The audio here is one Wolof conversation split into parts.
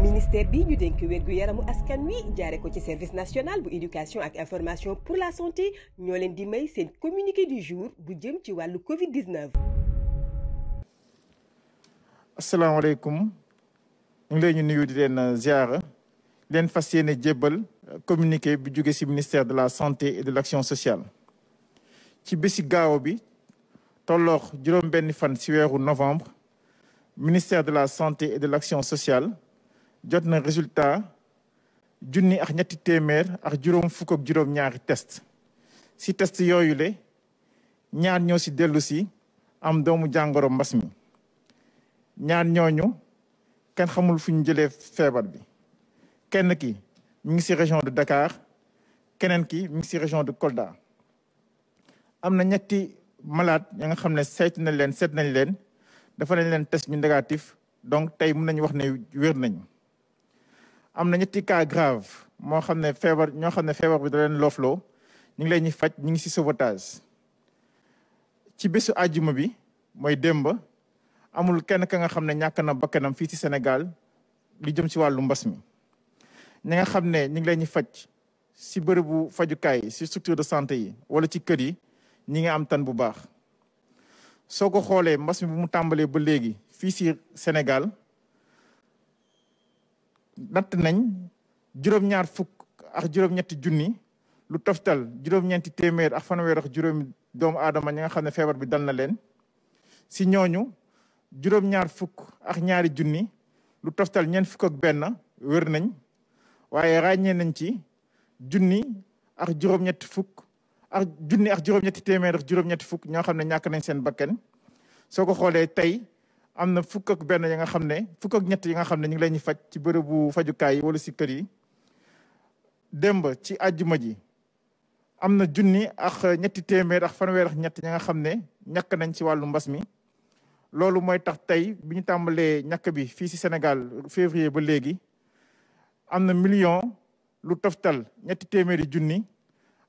ministère bi ñu dénk wérgu yaramu askan wi jaare ko ci service national bu éducation ak information pour la santé ñoo leen di may seen communiqué du jour bu jëm ci wàllu Covid 19. asalaamaaleykum ñu ngi lay ñu nuyu di leen ziara leen communiqué bi jóge ministère de la santé et de l'action sociale. ci bési gaaw bi tolloox juróom-benn fan ci weeru novembre ministère de la santé et de l'action sociale jot na résultat junni ak ñetti témèr ak juroom fuk ak juroom ñaari test si test yooyu le ñaar ñoo ci dellu si am doomu jangoro mbas mi ñaar kenn xamul fu jëlé fièvre bi kenn ki mi ngi région de Dakar kenen ki mi ngi région de Kolda am ñetti malade ya nga xamné ne nañ leen leen dafa nañ leen test ñu négatif donc tay mun wax né wër nañ am na ñetti cas grave moo xam ne feebar ñoo xam ne feebar bi da loflo loofloo ñu ngi leen ñu faj ñu ngi ci sauvetage ci bésu àjjuma bi mooy démba amul kenn ka nga xam ne ñàkk na bakkanam fii ci Sénégal li jëm ci wàllu mbas mi ñi nga xam ne ñu ngi leen ñu faj ci bërëbu fajukaay yi ci structure de santé yi wala ci kër yi ñi ngi am tan bu baax soo ko xoolee mbas mi bu mu tàmbalee ba léegi fii ci Sénégal natt nañ juróom-ñaar fukk ak juróom-ñetti junni lu toftal juróom-ñeenti téeméer ak fanweer ak juróomi doomu aadama ñi nga xam ne feebar bi dal na leen si ñooñu juróom-ñaar fukk ak ñaari junni lu toftal ñeent fukk ak benn wér nañ waaye ràññee nañ ci junni ak juróom-ñetti fukk ak junni ak juróom-ñetti téeméer ak juróom-ñetti fukk ñoo xam ne ñàkk nañ seen bakkan soo ko xoolee tey am na fukk benn ya nga xam ne fukk ak ñett yi nga xam ne ñu ngi leen di faj ci bërëbu fajukaay wala si kër yi démb ci àjjuma ji am na junni ak ñetti téeméer ak fanweer ñett ña nga xam ne ñàkk nañ ci wàllu mbas mi. loolu mooy tax tey bi ñu tàmbalee ñàkk bi fii si Sénégal ba léegi am na million lu toftal ñetti téeméeri junni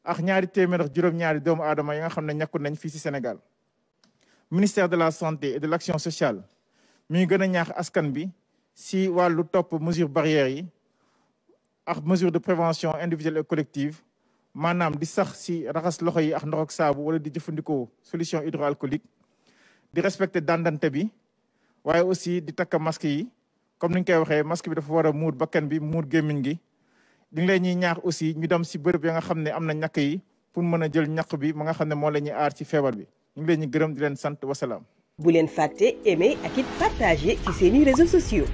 ak ñaari téeméer ak ñaari doomu aadama yi nga xam ne ñàkku nañ fii si Sénégal. ministère de la santé et de l'action sociale mi ngi gën a ñaax askan bi si wàllu topp mesure barrières yi ak mesure de prévention individuelle et collective maanaam di sax si raxas loxo yi ak ndox saabu wala di jëfandikoo solution hydroalcoolique di respecter dandante bi waaye aussi di takk masque yi comme ni ñu koy waxee masque bi dafa war a muur bakkan bi muur gémmiñ gi di ngi ñuy ñaax aussi ñu dem si bërëb ya nga xam ne am na ñàkk yi pour mën a jël ñàkk bi ma nga xam ne moo la ñuy aar ci feebar bi ñu ngi leen ñu gërëm di leen sant wasalaam Vous leen faire aimer à qui partager sur les réseaux sociaux